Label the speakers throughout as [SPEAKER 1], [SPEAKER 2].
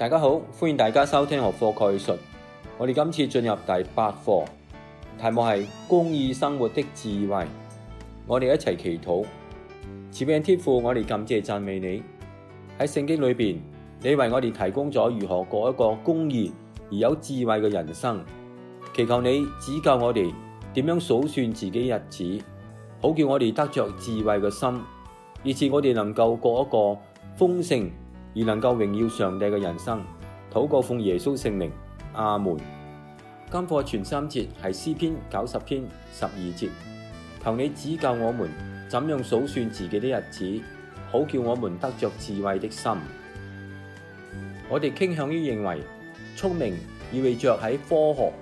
[SPEAKER 1] 大家好，歡迎大家收聽學課概述。我哋今次進入第八課，題目係公義生活的智慧。我哋一齊祈禱，賜命天父，我哋感謝讚美你。喺聖經裏邊，你為我哋提供咗如何過一個公義而有智慧嘅人生。祈求你指教我哋點樣數算自己日子，好叫我哋得着智慧嘅心，以致我哋能夠過一個豐盛，而能夠榮耀上帝嘅人生，禱告奉耶穌聖名，阿門。今課前三節係詩篇九十篇十二節，求你指教我們怎樣數算自己的日子，好叫我們得着智慧的心。我哋傾向於認為，聰明意味着喺科學、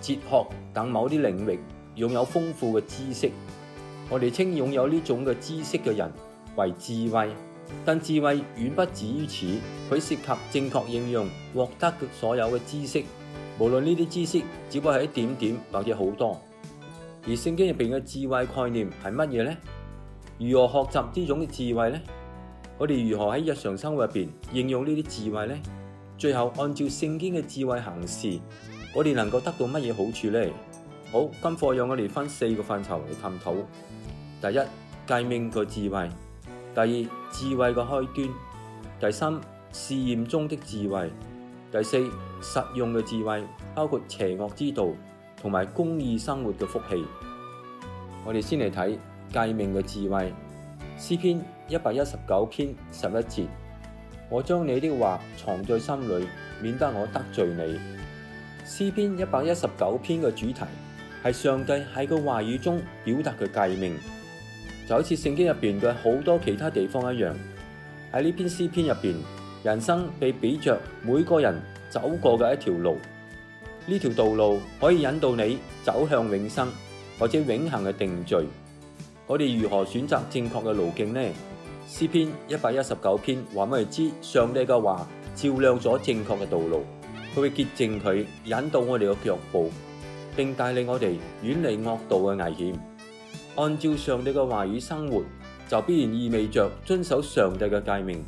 [SPEAKER 1] 哲學等某啲領域擁有豐富嘅知識。我哋稱擁有呢種嘅知識嘅人為智慧。但智慧遠不止於此，佢涉及正確應用獲得嘅所有嘅知識，無論呢啲知識只不過係一點點或者好多。而聖經入面嘅智慧概念係乜嘢呢？如何學習呢種嘅智慧呢？我哋如何喺日常生活入面應用呢啲智慧呢？最後按照聖經嘅智慧行事，我哋能夠得到乜嘢好處呢？好，今課讓我哋分四個範疇嚟探討。第一，誡命嘅智慧。第二，智慧嘅開端，第三，試驗中的智慧，第四，實用嘅智慧，包括邪惡之道同埋公義生活嘅福氣。我哋先嚟睇誡命嘅智慧。詩篇一百一十九篇十一節，我將你的話藏在心裏，免得我得罪你。詩篇一百一十九篇嘅主題係上帝喺個話語中表達佢誡命。就好似聖經入邊嘅好多其他地方一樣，喺呢篇詩篇入邊，人生被比着每個人走過嘅一條路，呢條道路可以引導你走向永生或者永恆嘅定罪。我哋如何選擇正確嘅路徑呢？詩篇一百一十九篇話俾你知上帝嘅話照亮咗正確嘅道路，佢會潔淨佢，引導我哋嘅腳步，並帶領我哋遠離惡道嘅危險。按照上帝嘅話語生活，就必然意味着遵守上帝嘅誡命。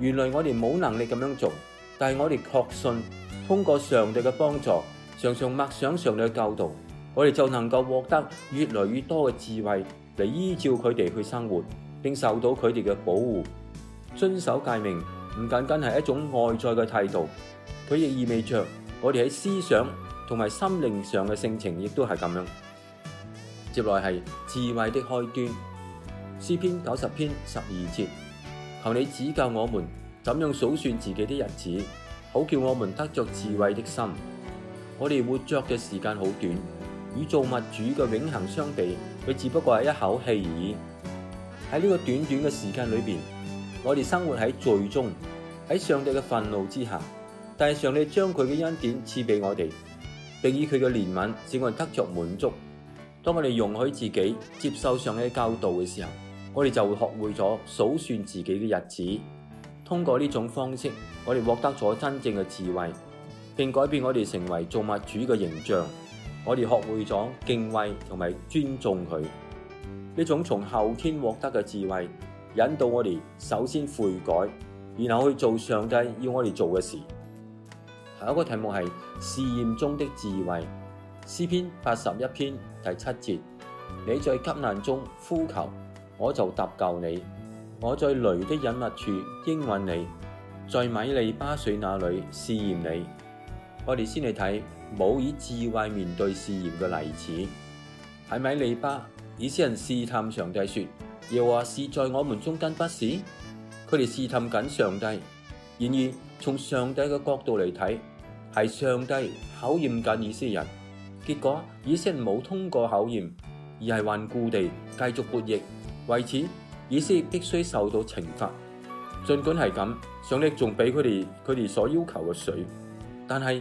[SPEAKER 1] 原來我哋冇能力咁樣做，但係我哋確信，通過上帝嘅幫助，常常默想上帝嘅教導，我哋就能夠獲得越來越多嘅智慧嚟依照佢哋去生活，並受到佢哋嘅保護。遵守誡命唔僅僅係一種外在嘅態度，佢亦意味着我哋喺思想同埋心靈上嘅性情亦都係咁樣。接來係智慧的開端，詩篇九十篇十二節，求你指教我們怎樣數算自己的日子，好叫我們得着智慧的心。我哋活着嘅時間好短，與造物主嘅永恆相比，佢只不過係一口氣而已。喺呢個短短嘅時間裏邊，我哋生活喺罪中，喺上帝嘅憤怒之下，但係上帝將佢嘅恩典賜俾我哋，並以佢嘅憐憫使我哋得着滿足。當我哋容許自己接受上帝教導嘅時候，我哋就會學會咗數算自己嘅日子。通過呢種方式，我哋獲得咗真正嘅智慧，並改變我哋成為造物主嘅形象。我哋學會咗敬畏同埋尊重佢。呢種從後天獲得嘅智慧，引導我哋首先悔改，然後去做上帝要我哋做嘅事。下一個題目係試驗中的智慧。詩篇八十一篇第七節，你在急難中呼求，我就搭救你；我在雷的隱密處應允你，在米利巴水那裏試驗你。我哋先嚟睇，冇以智慧面對試驗嘅例子，喺米利巴以色列人試探上帝，說：又話是在我們中間不是？佢哋試探緊上帝。然而從上帝嘅角度嚟睇，係上帝考驗緊以色列人。結果，以色列人冇通過考驗，而係頑固地繼續博役。為此，以色列必須受到懲罰。盡管係咁，上帝仲俾佢哋佢哋所要求嘅水。但係，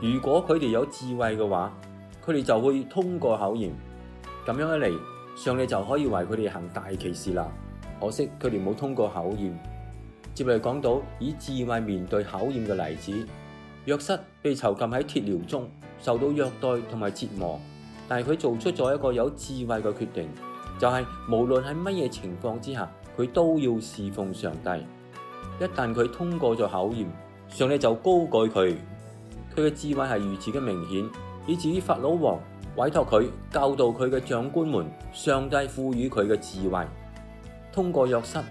[SPEAKER 1] 如果佢哋有智慧嘅話，佢哋就會通過考驗。咁樣一嚟，上帝就可以為佢哋行大奇事啦。可惜，佢哋冇通過考驗。接嚟講到以智慧面對考驗嘅例子，約瑟被囚禁喺鐵窑中。受到虐待同埋折磨，但係佢做出咗一個有智慧嘅決定，就係、是、無論喺乜嘢情況之下，佢都要侍奉上帝。一旦佢通過咗考驗，上帝就高舉佢。佢嘅智慧係如此嘅明顯，以至於法老王委託佢教導佢嘅長官們。上帝賦予佢嘅智慧，通過約瑟，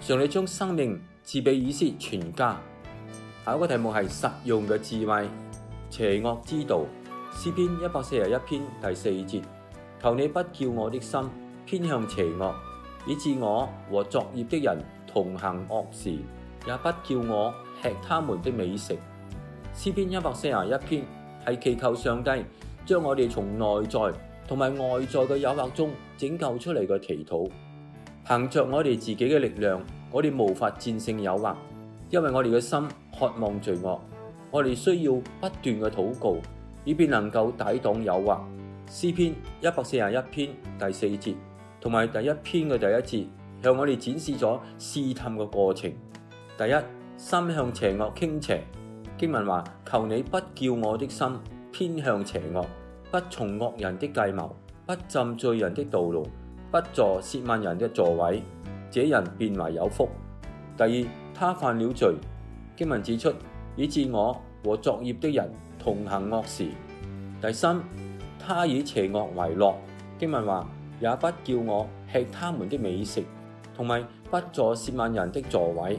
[SPEAKER 1] 上帝將生命賜俾以色列全家。下一個題目係實用嘅智慧。邪惡之道，詩篇一百四十一篇第四節，求你不叫我的心偏向邪惡，以致我和作孽的人同行惡事，也不叫我吃他們的美食。詩篇一百四十一篇係祈求上帝將我哋從內在同埋外在嘅誘惑中拯救出嚟嘅祈禱。憑着我哋自己嘅力量，我哋無法戰勝誘惑，因為我哋嘅心渴望罪惡。我哋需要不斷嘅禱告，以便能夠抵擋誘惑。詩篇一百四十一篇第四節同埋第一篇嘅第一節，向我哋展示咗試探嘅過程。第一，心向邪惡傾斜。經文話：求你不叫我的心偏向邪惡，不從惡人的計謀，不浸罪人的道路，不坐褻慢人的座位，這人便為有福。第二，他犯了罪。經文指出。以致我和作孽的人同行惡事。第三，他以邪惡為樂。經文話，也不叫我吃他們的美食，同埋不坐褻慢人的座位。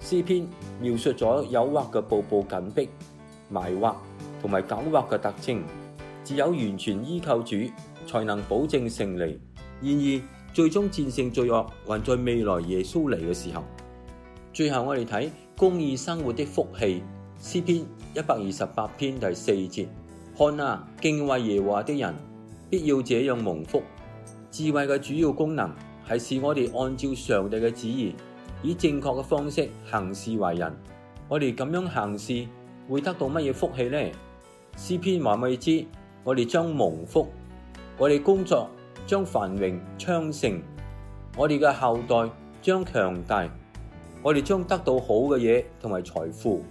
[SPEAKER 1] 詩篇描述咗誘惑嘅步步緊逼、迷惑同埋狡猾嘅特徵。只有完全依靠主，才能保證勝利。然而，最終戰勝罪惡，還在未來耶穌嚟嘅時候。最後我，我哋睇。公義生活的福氣，詩篇一百二十八篇第四節，看啊，敬畏耶和華的人，必要這樣蒙福。智慧嘅主要功能係使我哋按照上帝嘅旨意，以正確嘅方式行事為人。我哋咁樣行事會得到乜嘢福氣呢？」詩篇話未知，我哋將蒙福，我哋工作將繁榮昌盛，我哋嘅後代將強大。我哋將得到好嘅嘢同埋財富，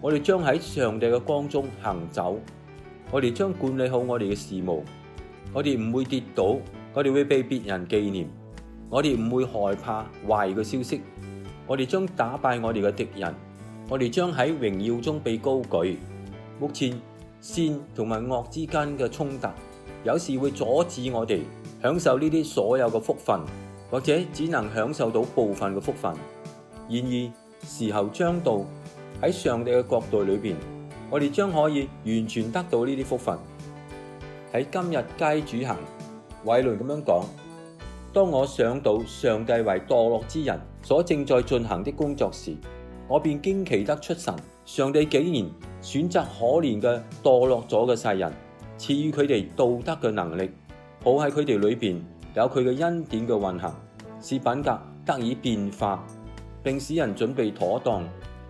[SPEAKER 1] 我哋將喺上帝嘅光中行走，我哋將管理好我哋嘅事務，我哋唔會跌倒，我哋會被別人紀念，我哋唔會害怕壞嘅消息，我哋將打敗我哋嘅敵人，我哋將喺榮耀中被高舉。目前善同埋惡之間嘅衝突，有時會阻止我哋享受呢啲所有嘅福分，或者只能享受到部分嘅福分。然而，時候將到，喺上帝嘅國度裏邊，我哋將可以完全得到呢啲福分。喺今日皆主行偉倫咁樣講：當我想到上帝為墮落之人所正在進行的工作時，我便驚奇得出神。上帝竟然選擇可憐嘅墮落咗嘅世人，賜予佢哋道德嘅能力，好喺佢哋裏邊有佢嘅恩典嘅運行，使品格得以變化。並使人準備妥當，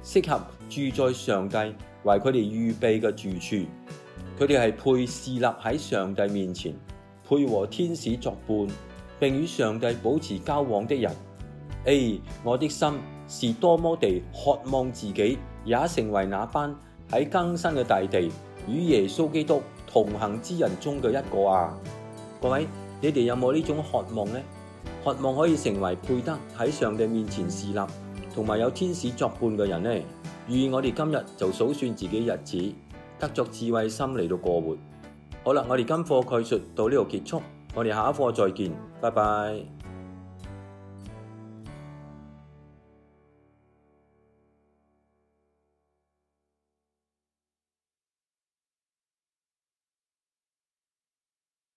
[SPEAKER 1] 適合住在上帝為佢哋預備嘅住處。佢哋係配侍立喺上帝面前，配和天使作伴，並與上帝保持交往的人。哎，我的心是多麼地渴望自己也成為那班喺更新嘅大地與耶穌基督同行之人中嘅一個啊！各位，你哋有冇呢種渴望呢？渴望可以成為配得喺上帝面前侍立。同埋有天使作伴嘅人呢，預意我哋今日就數算自己日子，得着智慧心嚟到過活。好啦，我哋今課嘅概述到呢度結束，我哋下一課再見，拜拜。